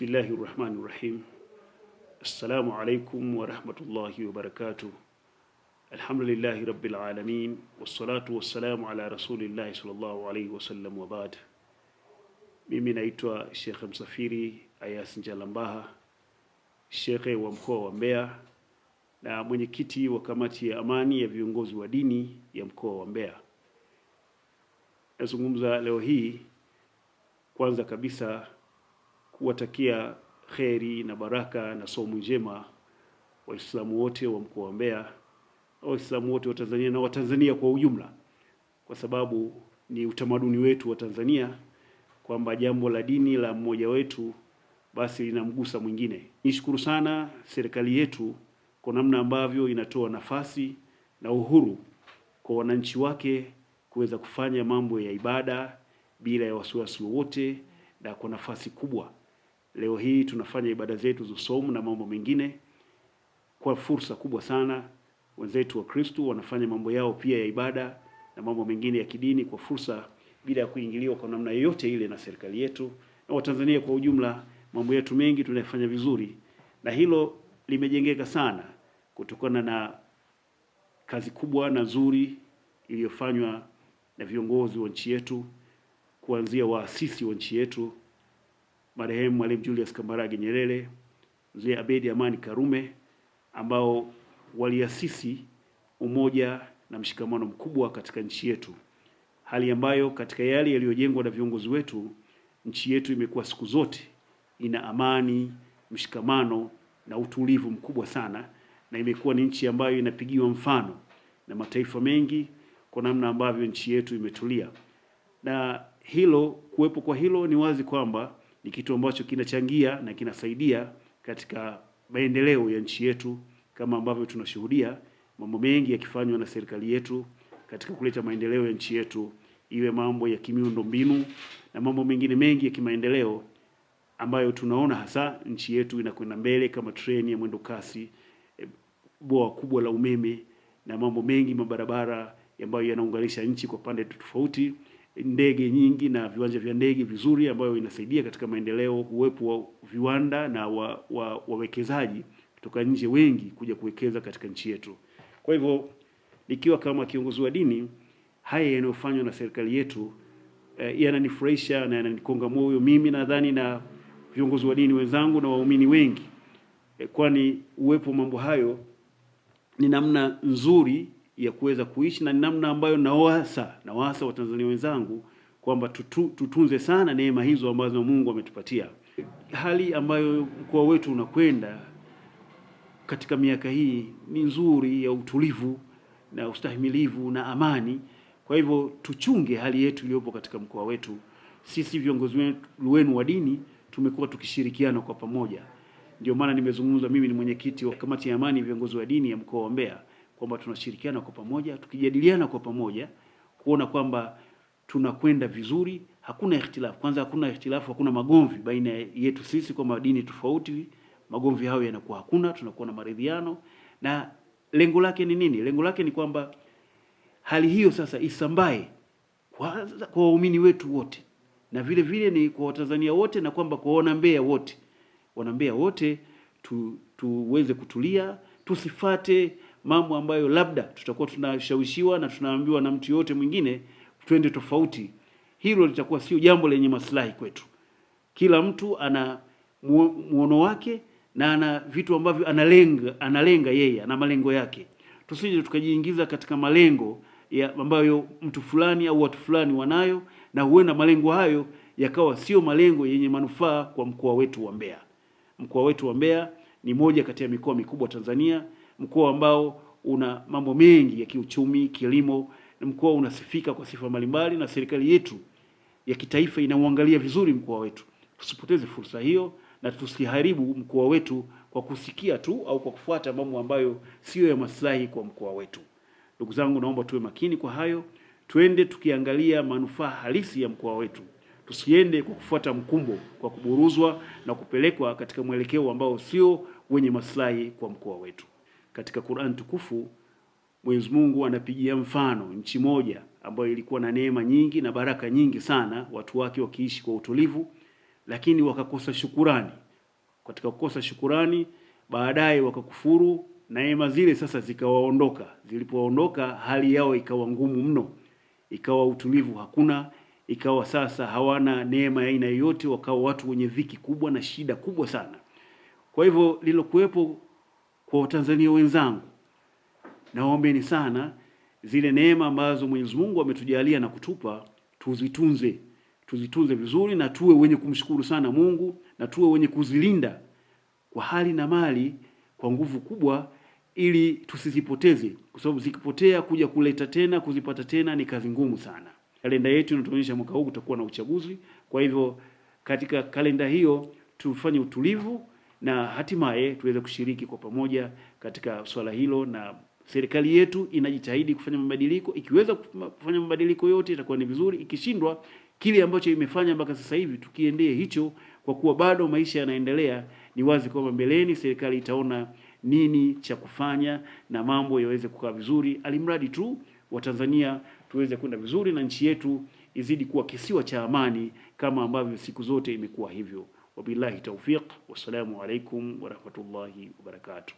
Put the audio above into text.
Bismillahi rahmani rahim. Assalamu alaikum warahmatullahi wabarakatuh. Alhamdulillahi rabbil alamin wassalatu wassalamu ala rasulillahi sallallahu alaihi wasallam wa Mimi naitwa Shekhe Msafiri Ayas Njalambaha, shekhe wa mkoa wa Mbeya na mwenyekiti wa kamati ya amani ya viongozi wa dini ya mkoa wa Mbeya. Nazungumza leo hii kwanza kabisa kuwatakia kheri na baraka na somu njema Waislamu wote wa mkoa wa Mbeya Waislamu wote wa Tanzania na Watanzania kwa ujumla, kwa sababu ni utamaduni wetu wa Tanzania kwamba jambo la dini la mmoja wetu basi linamgusa mwingine. Nishukuru sana serikali yetu kwa namna ambavyo inatoa nafasi na uhuru kwa wananchi wake kuweza kufanya mambo ya ibada bila ya wasiwasi wowote na kwa nafasi kubwa. Leo hii tunafanya ibada zetu za somo na mambo mengine kwa fursa kubwa sana. Wenzetu wa Kristo wanafanya mambo yao pia ya ibada na mambo mengine ya kidini kwa fursa, bila ya kuingiliwa kwa namna yoyote ile na serikali yetu na Watanzania kwa ujumla. Mambo yetu mengi tunayofanya vizuri, na hilo limejengeka sana kutokana na kazi kubwa na nzuri iliyofanywa na viongozi wa nchi yetu, kuanzia waasisi wa nchi yetu marehemu Mwalimu Julius Kambarage Nyerere, mzee Abedi Amani Karume ambao waliasisi umoja na mshikamano mkubwa katika nchi yetu, hali ambayo katika yale yaliyojengwa na viongozi wetu, nchi yetu imekuwa siku zote ina amani, mshikamano na utulivu mkubwa sana, na imekuwa ni nchi ambayo inapigiwa mfano na mataifa mengi kwa namna ambavyo nchi yetu imetulia. Na hilo kuwepo kwa hilo, ni wazi kwamba ni kitu ambacho kinachangia na kinasaidia katika maendeleo ya nchi yetu, kama ambavyo tunashuhudia mambo mengi yakifanywa na serikali yetu katika kuleta maendeleo ya nchi yetu, iwe mambo ya kimiundo mbinu na mambo mengine mengi ya kimaendeleo ambayo tunaona hasa nchi yetu inakwenda mbele kama treni ya mwendo kasi, e, bwawa kubwa la umeme na mambo mengi, mabarabara ambayo yanaunganisha nchi kwa pande tofauti ndege nyingi na viwanja vya ndege vizuri ambayo inasaidia katika maendeleo, uwepo wa viwanda na wa, wa, wawekezaji kutoka nje wengi kuja kuwekeza katika nchi yetu. Kwa hivyo nikiwa kama kiongozi wa dini, haya yanayofanywa na serikali yetu eh, yananifurahisha na yananikonga moyo mimi nadhani na viongozi wa dini wenzangu na waumini wengi eh, kwani uwepo wa mambo hayo ni namna nzuri ya kuweza kuishi na namna ambayo nawasa nawasa Watanzania wenzangu kwamba tutu, tutunze sana neema hizo ambazo Mungu ametupatia. Hali ambayo mkoa wetu unakwenda katika miaka hii ni nzuri ya utulivu na ustahimilivu na amani. Kwa hivyo tuchunge hali yetu iliyopo katika mkoa wetu. Sisi viongozi wenu wa dini tumekuwa tukishirikiana kwa pamoja, ndio maana nimezungumza. Mimi ni mwenyekiti wa kamati ya amani viongozi wa dini ya mkoa wa Mbeya kwamba tunashirikiana kwa pamoja, tukijadiliana kwa pamoja kuona kwamba tunakwenda vizuri. Hakuna ikhtilafu, kwanza hakuna ikhtilafu, hakuna magomvi baina yetu sisi kwa dini tofauti. Magomvi hayo yanakuwa hakuna, tunakuwa na maridhiano. Na lengo lake ni nini? Lengo lake ni kwamba hali hiyo sasa isambae kwanza kwa waumini wetu wote na vile vile ni kwa Watanzania wote na kwamba kwa wanambea wote, wanambea wote tu, tuweze kutulia tusifate mambo ambayo labda tutakuwa tunashawishiwa na tunaambiwa na mtu yoyote mwingine twende tofauti, hilo litakuwa sio jambo lenye maslahi kwetu. Kila mtu ana muono wake na ana vitu ambavyo analenga, analenga yeye, ana malengo yake. Tusije tukajiingiza katika malengo ya ambayo mtu fulani au watu fulani wanayo, na huenda malengo hayo yakawa sio malengo yenye manufaa kwa mkoa wetu wa Mbeya. Mkoa wetu wa Mbeya ni moja kati ya mikoa mikubwa Tanzania mkoa ambao una mambo mengi ya kiuchumi, kilimo, mkoa unasifika kwa sifa mbalimbali, na serikali yetu ya kitaifa inauangalia vizuri mkoa wetu. Tusipoteze fursa hiyo na tusiharibu mkoa wetu kwa kusikia tu au kwa kufuata mambo ambayo siyo ya maslahi kwa mkoa wetu. Ndugu zangu, naomba tuwe makini kwa hayo, twende tukiangalia manufaa halisi ya mkoa wetu, tusiende kwa kufuata mkumbo, kwa kuburuzwa na kupelekwa katika mwelekeo ambao sio wenye maslahi kwa mkoa wetu katika Qur'an tukufu Mwenyezi Mungu anapigia mfano nchi moja ambayo ilikuwa na neema nyingi na baraka nyingi sana, watu wake wakiishi kwa utulivu, lakini wakakosa shukurani. Katika kukosa shukurani, baadaye wakakufuru, neema zile sasa zikawaondoka. zilipoondoka hali yao ikawa ngumu mno, ikawa utulivu hakuna, ikawa sasa hawana neema ya aina yoyote, wakawa watu wenye dhiki kubwa na shida kubwa sana. Kwa hivyo lilokuwepo kwa Watanzania wenzangu, naombeni sana zile neema ambazo Mwenyezi Mungu ametujalia na kutupa tuzitunze, tuzitunze vizuri, na tuwe wenye kumshukuru sana Mungu na tuwe wenye kuzilinda kwa hali na mali kwa nguvu kubwa, ili tusizipoteze, kwa sababu zikipotea kuja kuleta tena kuzipata tena ni kazi ngumu sana. Kalenda yetu inatuonyesha mwaka huu kutakuwa na uchaguzi, kwa hivyo katika kalenda hiyo tufanye utulivu na hatimaye tuweze kushiriki kwa pamoja katika swala hilo, na serikali yetu inajitahidi kufanya mabadiliko. Ikiweza kufanya mabadiliko yote itakuwa ni vizuri, ikishindwa kile ambacho imefanya mpaka sasa hivi tukiendee hicho, kwa kuwa bado maisha yanaendelea. Ni wazi kwamba mbeleni serikali itaona nini cha kufanya na mambo yaweze kukaa vizuri, alimradi tu Watanzania tuweze kwenda vizuri na nchi yetu izidi kuwa kisiwa cha amani kama ambavyo siku zote imekuwa hivyo. وبالله توفيق والسلام عليكم ورحمة الله وبركاته